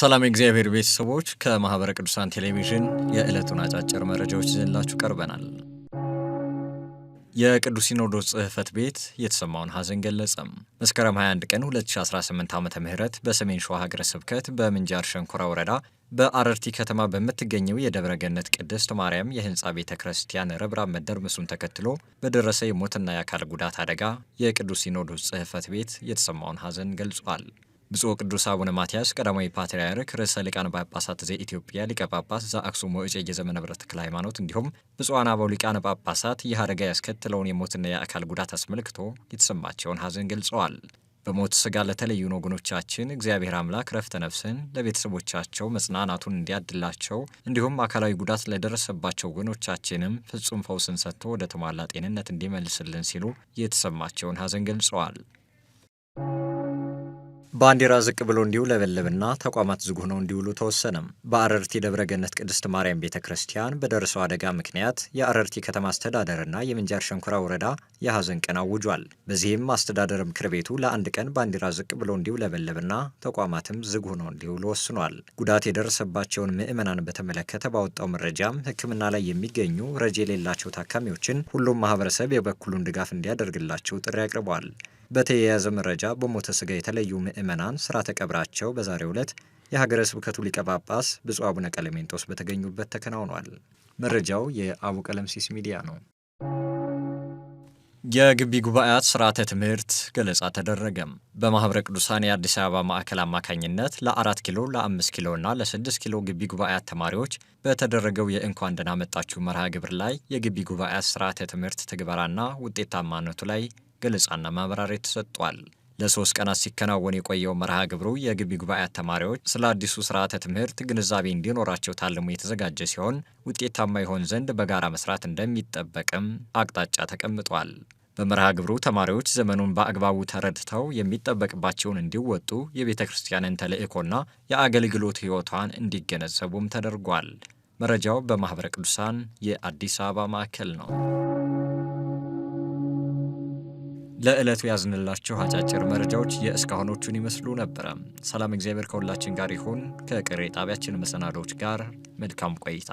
ሰላም የእግዚአብሔር ቤተሰቦች ከማኅበረ ቅዱሳን ቴሌቪዥን የዕለቱን አጫጭር መረጃዎች ይዘንላችሁ ቀርበናል። የቅዱስ ሲኖዶስ ጽሕፈት ቤት የተሰማውን ሐዘን ገለጸም። መስከረም 21 ቀን 2018 ዓ ም በሰሜን ሸዋ ሀገረ ስብከት በምንጃር ሸንኮራ ወረዳ በአረርቲ ከተማ በምትገኘው የደብረ ገነት ቅድስት ማርያም የህንፃ ቤተ ክርስቲያን ርብራብ መደርመሱን ተከትሎ በደረሰ የሞትና የአካል ጉዳት አደጋ የቅዱስ ሲኖዶስ ጽሕፈት ቤት የተሰማውን ሐዘን ገልጿል። ብፁዕ ቅዱስ አቡነ ማትያስ ቀዳማዊ ፓትርያርክ ርዕሰ ሊቃነ ጳጳሳት ዘኢትዮጵያ ሊቀ ጳጳስ ዘአክሱም ዘመነ ዘመንበረ ተክለ ሃይማኖት እንዲሁም ብፁዓን አበው ሊቃነ ጳጳሳት ይህ አደጋ ያስከትለውን የሞትና የአካል ጉዳት አስመልክቶ የተሰማቸውን ሐዘን ገልጸዋል። በሞት ስጋ ለተለዩን ወገኖቻችን እግዚአብሔር አምላክ ረፍተ ነፍስን ለቤተሰቦቻቸው መጽናናቱን እንዲያድላቸው እንዲሁም አካላዊ ጉዳት ለደረሰባቸው ወገኖቻችንም ፍጹም ፈውስን ሰጥቶ ወደ ተሟላ ጤንነት እንዲመልስልን ሲሉ የተሰማቸውን ሐዘን ገልጸዋል። ባንዲራ ዝቅ ብሎ እንዲውለበለብና ተቋማት ዝግ ሆነው እንዲውሉ ተወሰነም። በአረርቲ ደብረገነት ቅድስት ማርያም ቤተ ክርስቲያን በደረሰው አደጋ ምክንያት የአረርቲ ከተማ አስተዳደርና የምንጃር ሸንኮራ ወረዳ የሐዘን ቀን አውጇል። በዚህም አስተዳደር ምክር ቤቱ ለአንድ ቀን ባንዲራ ዝቅ ብሎ እንዲውለበለብና ተቋማትም ዝግ ሆነው እንዲውሉ ወስኗል። ጉዳት የደረሰባቸውን ምዕመናን በተመለከተ ባወጣው መረጃም ሕክምና ላይ የሚገኙ ረጅ የሌላቸው ታካሚዎችን ሁሉም ማህበረሰብ የበኩሉን ድጋፍ እንዲያደርግላቸው ጥሪ አቅርቧል። በተያያዘ መረጃ በሞተ ስጋ የተለዩ ምእመናን ስርዓተ ቀብራቸው በዛሬው ዕለት የሀገረ ስብከቱ ሊቀ ጳጳስ ብፁዕ አቡነ ቀለሜንጦስ በተገኙበት ተከናውኗል። መረጃው የአቡ ቀለምሲስ ሚዲያ ነው። የግቢ ጉባኤያት ስርዓተ ትምህርት ገለጻ ተደረገም። በማኅበረ ቅዱሳን የአዲስ አበባ ማዕከል አማካኝነት ለአራት ኪሎ ለአምስት ኪሎ እና ለስድስት ኪሎ ግቢ ጉባኤያት ተማሪዎች በተደረገው የእንኳን ደህና መጣችሁ መርሃ ግብር ላይ የግቢ ጉባኤያት ስርዓተ ትምህርት ትግበራና ውጤታማነቱ ላይ ገለጻና ማብራሪያ ተሰጥቷል። ለሶስት ቀናት ሲከናወን የቆየው መርሃ ግብሩ የግቢ ጉባኤያት ተማሪዎች ስለ አዲሱ ስርዓተ ትምህርት ግንዛቤ እንዲኖራቸው ታልሞ የተዘጋጀ ሲሆን ውጤታማ ይሆን ዘንድ በጋራ መስራት እንደሚጠበቅም አቅጣጫ ተቀምጧል። በመርሃ ግብሩ ተማሪዎች ዘመኑን በአግባቡ ተረድተው የሚጠበቅባቸውን እንዲወጡ የቤተ ክርስቲያንን ተልእኮና የአገልግሎት ሕይወቷን እንዲገነዘቡም ተደርጓል። መረጃው በማኅበረ ቅዱሳን የአዲስ አበባ ማዕከል ነው። ለዕለቱ ያዝንላችሁ አጫጭር መረጃዎች የእስካሁኖቹን ይመስሉ ነበረ። ሰላም፣ እግዚአብሔር ከሁላችን ጋር ይሁን። ከቅሬ ጣቢያችን መሰናዶዎች ጋር መልካም ቆይታ